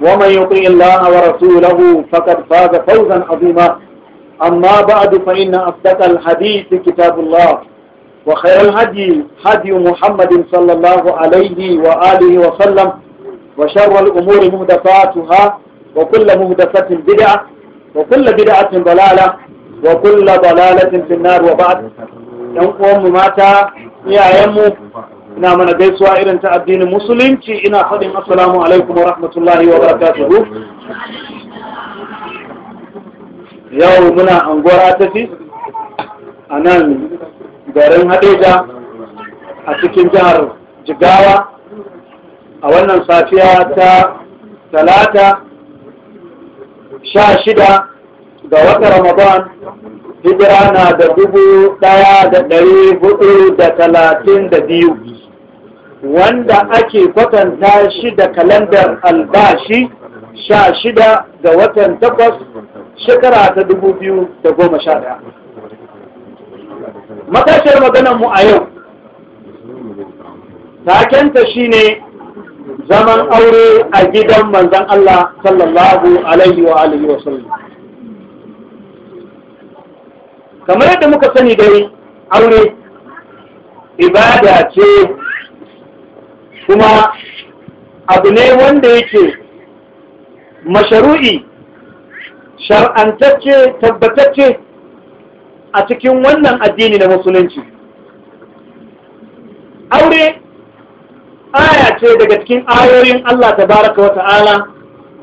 ومن يطيع الله ورسوله فقد فاز فوزا عظيما أما بعد فإن أصدق الحديث كتاب الله وخير الهدي هدي محمد صلى الله عليه وآله وسلم وشر الأمور مهدفاتها وكل مهدفة بدعة وكل بدعة ضلالة وكل ضلالة في النار وبعد ينقوم ماتا يا يمو ina mana gaisuwa irin ta addinin musulunci ina faɗin assalamu alaikum wa rahmatullahi wa barakatuhu yau muna angora tafi a nan garin hadeja a cikin jihar jigawa a wannan safiya ta talata sha shida ga wata ramadan hijira na da dubu ɗaya da ɗari hudu da talatin da biyu wanda ake kwatanta shi da kalandar albashi sha shida ga watan takwas shekara ta dubu biyu da goma sha ɗaya. Matashiyar maganarmu a yau, takenta shi ne zaman aure a gidan manzan Allah sallallahu alaihi wa Alaihi wa Kamar yadda muka sani dai aure ibada ce kuma abu ne wanda yake masharu'i shar'antacce tabbatacce a cikin wannan addini na musulunci aure aya ce daga cikin ayoyin Allah tabaraka wa ta'ala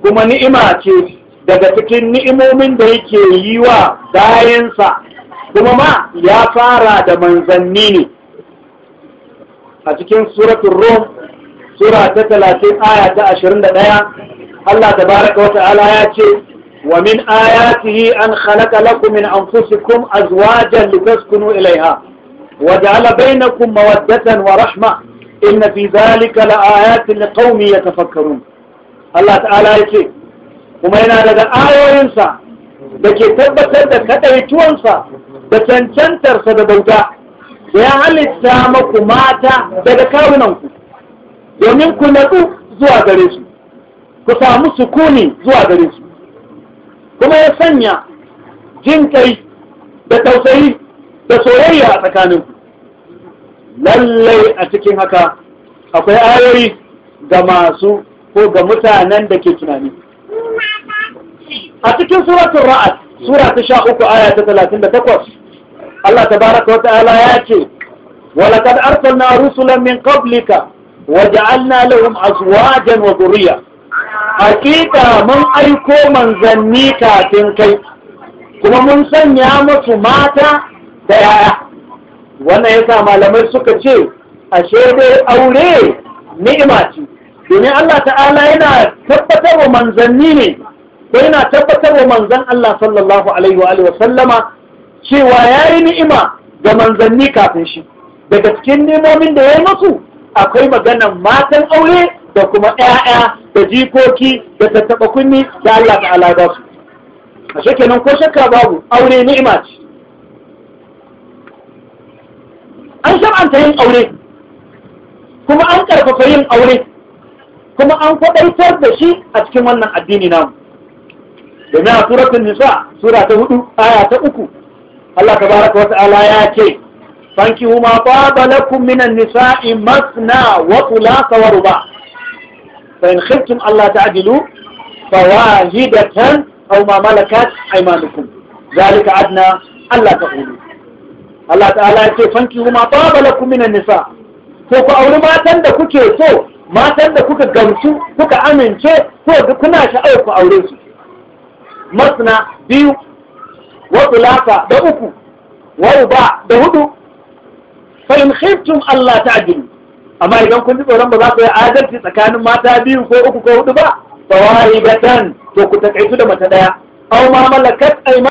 kuma ni'ima ce daga cikin ni'imomin da yake yi wa bayansa kuma ma ya fara da manzanni ne a cikin suratun rom sura ta talatin aya ta ashirin da ɗaya Allah tabaraka wa ta'ala ya ce wa min ayatihi an khalaqa lakum min anfusikum azwajan litaskunu ilaiha wa ja'ala bainakum mawaddatan wa rahma inna fi dhalika laayatin liqaumin yatafakkarun Allah ta'ala ya ce kuma yana daga ayoyinsa da ke tabbatar da sa, da cancantarsa da bauta ya halitta maku mata daga kawunanku domin ku natsu zuwa gare su ku samu sukuni zuwa gare su kuma ya sanya jin kai da tausayi da soyayya a tsakaninku lallai a cikin haka akwai ayoyi ga masu ko ga mutanen da ke tunani a cikin suratun ra'ad sura ta sha uku aya ta talatin da takwas Allah ta baraka wata ala ya ce walakad arsalna rusulan min qablika وجعلنا لهم أزواجا وذرية حقيقة من أيكو من mun sanya musu mata da yaya. Wannan ya sa malamai suka ce ashe dai aure ni'ima ce domin Allah ta'ala yana tabbatar wa manzanni ne ko yana tabbatar wa manzan Allah sallallahu alaihi wa alihi wa sallama cewa yayi ni'ima ga manzanni kafin shi daga cikin nemomin da ya yi musu akwai maganan matan aure da kuma ƴaƴa da jikoki da tattaɓa kunni da Allah ta alada su a nan ko shakka babu aure ni'ima ce an shar'anta yin aure kuma an ƙarfafa yin aure kuma an kwaɗaitar da shi a cikin wannan addini namu domin a nisa sura ta hudu aya ta uku Allah baraka wata ala ya ce fankihu ma ba lakum minan nisa'i masna wa thulatha wa ruba fa in khiftum alla ta'dilu fawahidatan aw ma malakat aymanukum zalika adna alla taqulu Allah ta'ala ya ce fankihu ma ba lakum minan nisa ko ku auri matan da kuke so matan da kuka gamsu kuka amince ko kuna sha'awar ku aure su masna biyu wa thulatha da uku wa ruba da hudu fa in khiftum Allah ta'dilu amma idan kun ji tsoron ba za ku yi adalci tsakanin mata biyu ko uku ko hudu ba fawahidatan to ku takaitu da mace daya aw ma malakat